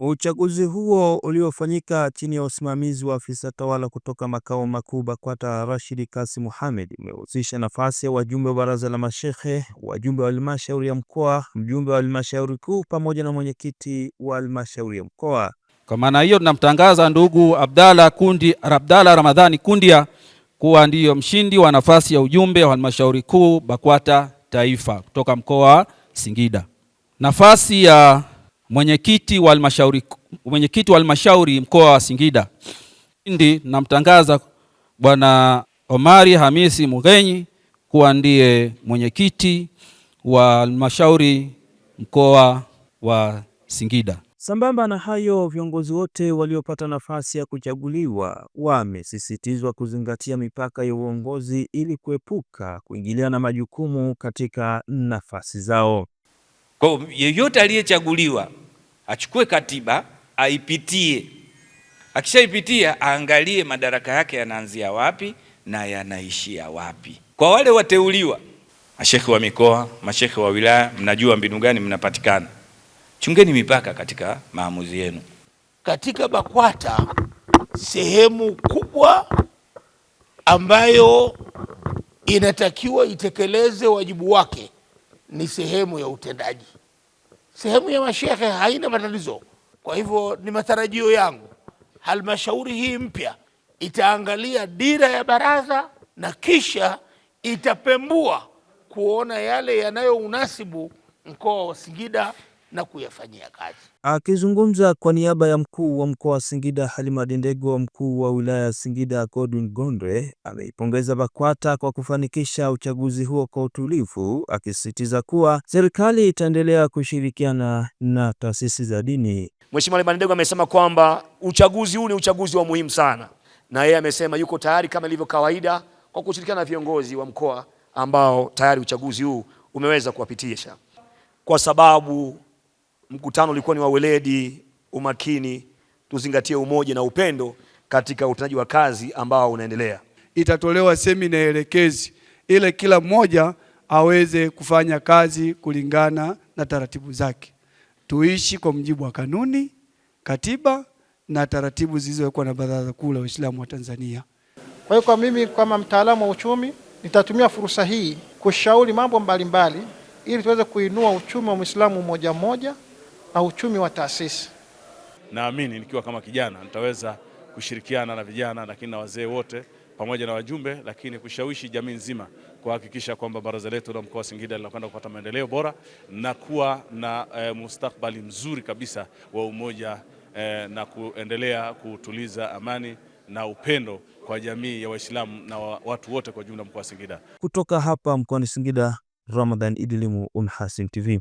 Uchaguzi huo uliofanyika chini ya usimamizi wa afisa tawala kutoka makao makuu BAKWATA Rashid kasi Mohamed umehusisha nafasi ya wajumbe wa baraza la mashehe, wajumbe wa halmashauri ya mkoa, mjumbe wa halmashauri kuu pamoja na mwenyekiti wa halmashauri ya mkoa. Kwa maana hiyo, tunamtangaza ndugu Abdalla Kundi Abdalla Ramadhani Kundia kuwa ndiyo mshindi wa nafasi ya ujumbe wa halmashauri kuu BAKWATA taifa kutoka mkoa Singida. Nafasi ya mwenyekiti wa halmashauri mwenyekiti wa mkoa wa Singida Ndi namtangaza Bwana Omari Hamisi mugenyi kuwa ndiye mwenyekiti wa halmashauri mkoa wa Singida. Sambamba na hayo, viongozi wote waliopata nafasi ya kuchaguliwa wamesisitizwa kuzingatia mipaka ya uongozi ili kuepuka kuingiliana na majukumu katika nafasi zao. Kwa yeyote aliyechaguliwa achukue katiba aipitie, akishaipitia aangalie madaraka yake yanaanzia wapi na yanaishia wapi. Kwa wale wateuliwa, mashekhe wa mikoa, mashekhe wa wilaya, mnajua mbinu gani mnapatikana. Chungeni mipaka katika maamuzi yenu. Katika BAKWATA sehemu kubwa ambayo inatakiwa itekeleze wajibu wake ni sehemu ya utendaji sehemu ya mashehe haina matatizo. Kwa hivyo ni matarajio yangu halmashauri hii mpya itaangalia dira ya baraza na kisha itapembua kuona yale yanayounasibu mkoa wa Singida na kuyafanyia kazi. Akizungumza kwa niaba ya mkuu wa mkoa wa Singida Halima Dendego, mkuu wa wilaya ya Singida Godwin gondre ameipongeza BAKWATA kwa kufanikisha uchaguzi huo kwa utulivu, akisisitiza kuwa serikali itaendelea kushirikiana na taasisi za dini. Mheshimiwa Halima Dendego amesema kwamba uchaguzi huu ni uchaguzi wa muhimu sana, na yeye amesema yuko tayari kama ilivyo kawaida kwa kushirikiana na viongozi wa mkoa ambao tayari uchaguzi huu umeweza kuwapitisha kwa sababu mkutano ulikuwa ni wa weledi, umakini, tuzingatie umoja na upendo katika utendaji wa kazi ambao unaendelea. Itatolewa semina elekezi ile kila mmoja aweze kufanya kazi kulingana na taratibu zake. Tuishi kwa mujibu wa kanuni, katiba na taratibu zilizowekwa na Baraza Kuu la Waislamu wa Tanzania. Kwa hiyo, kwa mimi kama mtaalamu wa uchumi nitatumia fursa hii kushauri mambo mbalimbali ili tuweze kuinua uchumi wa Muislamu mmoja mmoja na uchumi wa taasisi. Naamini nikiwa kama kijana nitaweza kushirikiana na vijana, lakini na wazee wote pamoja na wajumbe, lakini kushawishi jamii nzima kuhakikisha kwamba baraza letu la mkoa wa Singida linakwenda kupata maendeleo bora na kuwa na e, mustakbali mzuri kabisa wa umoja e, na kuendelea kutuliza amani na upendo kwa jamii ya Waislamu na wa, watu wote kwa jumla mkoa wa Singida. Kutoka hapa mkoani Singida, Ramadhan Idilimu, UMHASIN TV.